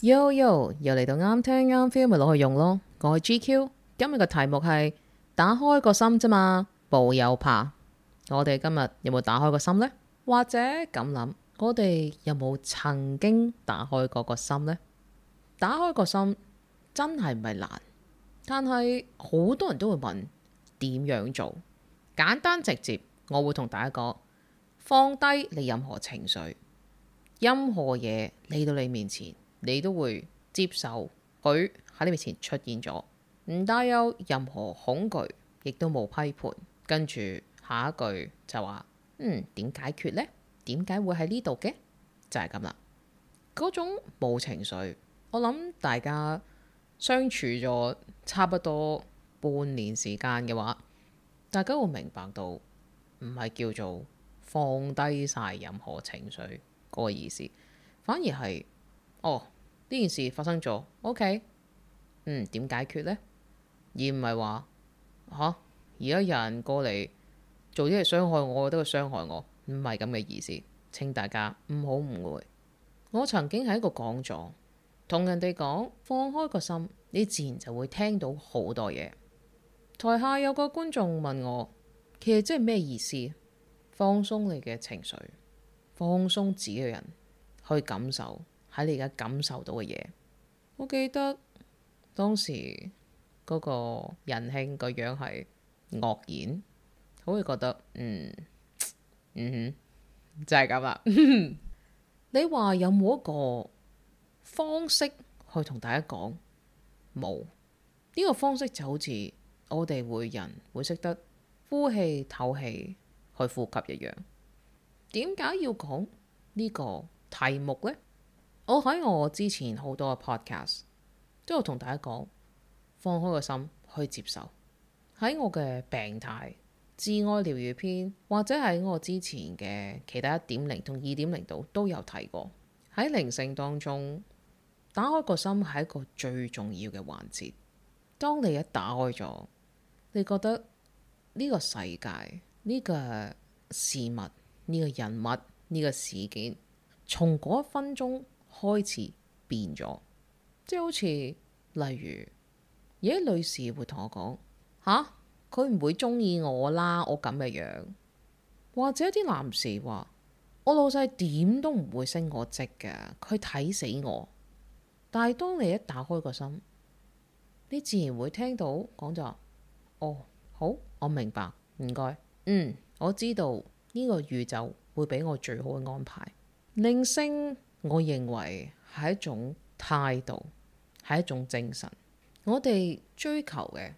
Yo yo，又嚟到啱聽啱 feel 咪攞去用咯。我係 GQ，今日嘅題目係打開個心咋嘛，冇有怕！我哋今日有冇打開個心呢？或者咁諗，我哋有冇曾經打開過個心呢？打開個心真係唔係難，但係好多人都會問點樣做？簡單直接，我會同大家講，放低你任何情緒，任何嘢嚟到你面前。你都會接受佢喺你面前出現咗，唔帶有任何恐懼，亦都冇批判。跟住下一句就話：嗯，點解決呢？點解會喺呢度嘅？就係咁啦。嗰種冇情緒，我諗大家相處咗差不多半年時間嘅話，大家會明白到唔係叫做放低晒任何情緒嗰個意思，反而係。哦，呢件事發生咗，OK，嗯，點解決呢？而唔係話吓而家有人過嚟做啲嘢傷害我，都會傷害我，唔係咁嘅意思，請大家唔好誤會。我曾經係一個講座，同人哋講放開個心，你自然就會聽到好多嘢。台下有個觀眾問我，其實即係咩意思？放鬆你嘅情緒，放鬆自己，嘅人去感受。喺你而家感受到嘅嘢，我記得當時嗰個仁兄個樣係愕然。我會覺得嗯嗯，嗯哼就係咁啦。 你話有冇一個方式去同大家講冇呢、呢個方式就好似我哋會人會識得呼氣、透氣去呼吸一樣。點解要講呢個題目呢？我喺我之前好多嘅 podcast，都有同大家講，放開個心可以接受，喺我嘅病態自愛療愈篇，或者喺我之前嘅其他一點零同二點零度都有提過。喺靈性當中打開個心係一個最重要嘅環節。當你一打開咗，你覺得呢、呢個世界呢、呢個事物呢、呢個人物呢、呢個事件，從嗰一分鐘。開始變咗，即係好似例如，而啲女士會同我講吓，佢唔、啊、會中意我啦，我咁嘅樣，樣，或者啲男士話我老細點都唔會升我職嘅，佢睇死我。但係當你一打開個心，你自然會聽到講就哦，好，我明白，唔該，嗯，我知道呢個宇宙會俾我最好嘅安排，鈴聲。我認為係一種態度，係一種精神。我哋追求嘅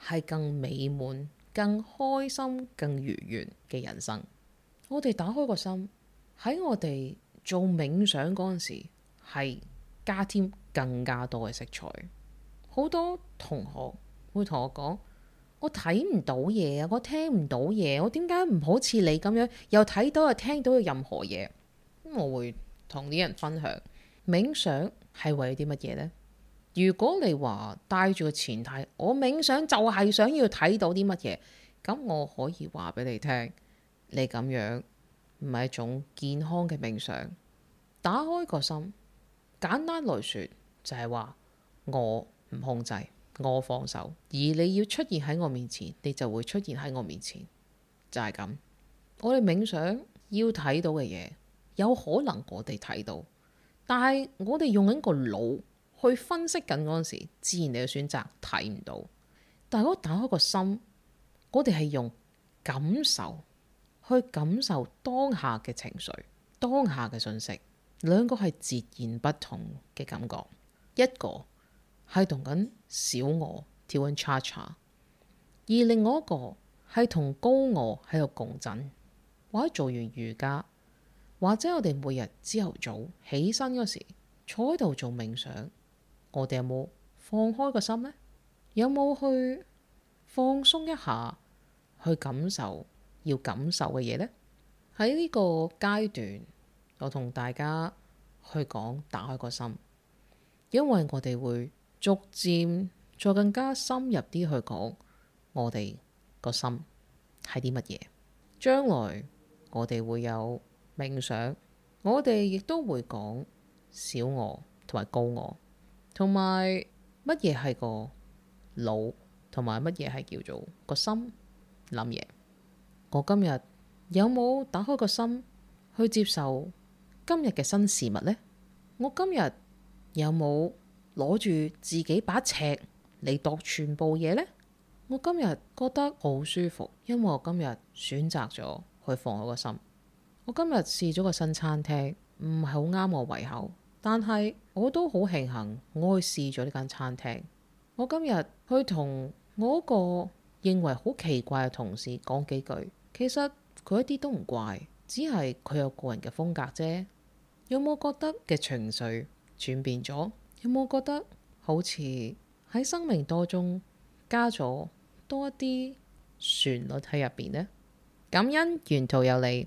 係更美滿、更開心、更愉悅嘅人生。我哋打開個心喺我哋做冥想嗰陣時，係加添更加多嘅食材。好多同學會同我講：我睇唔到嘢啊，我聽唔到嘢，我點解唔好似你咁樣又睇到又聽到任何嘢？咁我會。同啲人分享冥想係為咗啲乜嘢呢？如果你話帶住個前提，我冥想就係想要睇到啲乜嘢，咁我可以話俾你聽，你咁樣唔係一種健康嘅冥想。打開個心，簡單來說就係話我唔控制，我放手，而你要出現喺我面前，你就會出現喺我面前，就係咁。我哋冥想要睇到嘅嘢。有可能我哋睇到，但係我哋用緊個腦去分析緊嗰陣時，自然你嘅選擇睇唔到。但係如果打開個心，我哋係用感受去感受當下嘅情緒、當下嘅信息，兩個係截然不同嘅感覺。一個係同緊小我跳，跳緊叉叉；而另外一個係同高我喺度共振。或者做完瑜伽。或者我哋每日朝頭早起身嗰時坐喺度做冥想，我哋有冇放開個心呢？有冇去放鬆一下，去感受要感受嘅嘢呢？喺呢個階段，我同大家去講打開個心，因為我哋會逐漸再更加深入啲去講我哋個心係啲乜嘢。將來我哋會有。冥想，我哋亦都會講小我同埋高我，同埋乜嘢係個腦，同埋乜嘢係叫做個心諗嘢。我今日有冇打開個心去接受今日嘅新事物呢？我今日有冇攞住自己把尺嚟度全部嘢呢？我今日覺得好舒服，因為我今日選擇咗去放開個心。我今日試咗個新餐廳，唔係好啱我胃口，但係我都好慶幸我去試咗呢間餐廳。我今日去同我嗰個認為好奇怪嘅同事講幾句，其實佢一啲都唔怪，只係佢有個人嘅風格啫。有冇覺得嘅情緒轉變咗？有冇覺得好似喺生命當中加咗多一啲旋律喺入邊呢？感恩沿途有你，